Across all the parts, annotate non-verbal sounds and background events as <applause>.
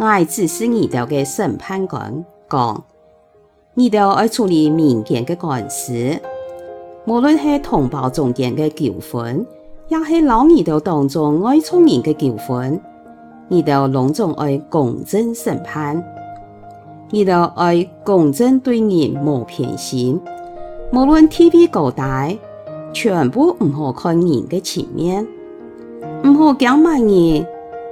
我指示你的嘅審判官講：你的愛處理民間的官司，無論是同胞中間的糾紛，也是老二度當中愛出面的糾紛。二度隆重愛公正審判，你度愛公正對人冇偏心，無論地位高低，全部唔好看人的前面，唔好講慢人。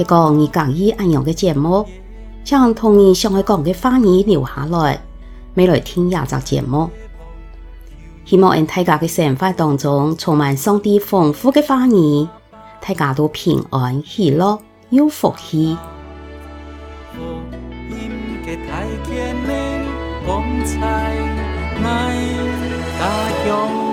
係講你合意恁樣嘅節目，請同你想愛講嘅話語留下來，乜來訂這隻節目。希望大家嘅生活當中充滿上帝豐富嘅話語，大家都平安喜樂有福氣。 <music>